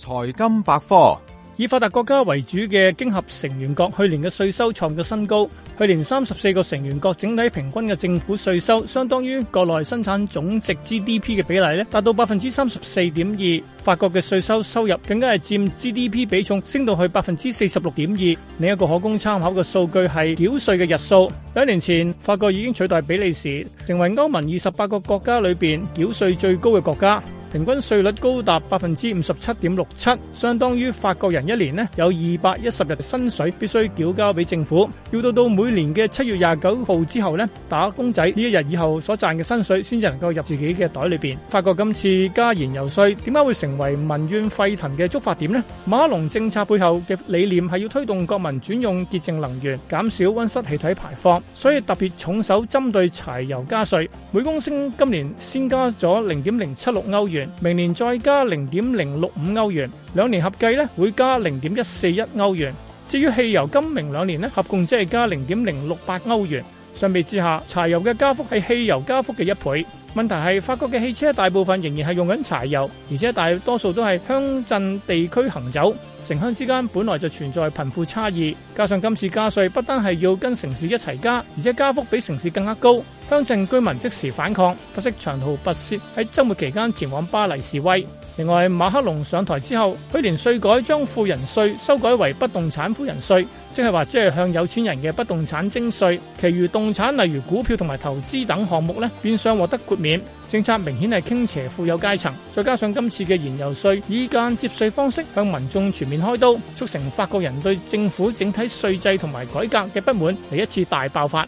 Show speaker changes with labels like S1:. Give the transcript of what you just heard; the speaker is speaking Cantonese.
S1: 財金百科，以發達國家為主嘅經合成員國去年嘅稅收創咗新高。去年三十四個成員國整體平均嘅政府稅收相當於國內生產總值 GDP 嘅比例咧，達到百分之三十四點二。法國嘅稅收收入更加係佔 GDP 比重升到去百分之四十六點二。另一個可供參考嘅數據係繳稅嘅日數。兩年前法國已經取代比利時，成為歐盟二十八個國家裏邊繳稅最高嘅國家。平均稅率高達百分之五十七點六七，相當於法國人一年呢有二百一十日嘅薪水必須繳交俾政府，要到到每年嘅七月廿九號之後呢打工仔呢一日以後所賺嘅薪水先至能夠入自己嘅袋裏邊。法國今次加燃油稅點解會成為民怨沸騰嘅觸發點呢？馬龍政策背後嘅理念係要推動國民轉用潔淨能源，減少温室氣體排放，所以特別重手針對柴油加稅，每公升今年先加咗零點零七六歐元。明年再加零點零六五歐元，兩年合計咧會加零點一四一歐元。至於汽油，今明兩年咧合共只係加零點零六八歐元。相比之下，柴油嘅加幅係汽油加幅嘅一倍。問題係法國嘅汽車大部分仍然係用緊柴油，而且大多數都係鄉鎮地區行走。城鄉之間本來就存在貧富差異，加上今次加稅不單係要跟城市一齊加，而且加幅比城市更加高。鄉鎮居民即時反抗，不惜長途跋涉喺周末期間前往巴黎示威。另外，馬克龍上台之後，去年稅改將富人稅修改為不動產富人稅，即係話即係向有錢人嘅不動產徵稅，其餘動產例如股票同埋投資等項目咧，變相獲得豁免。政策明顯係傾斜富有階層，再加上今次嘅燃油稅，以間接稅方式向民眾全面開刀，促成法國人對政府整體稅制同埋改革嘅不滿，嚟一次大爆發。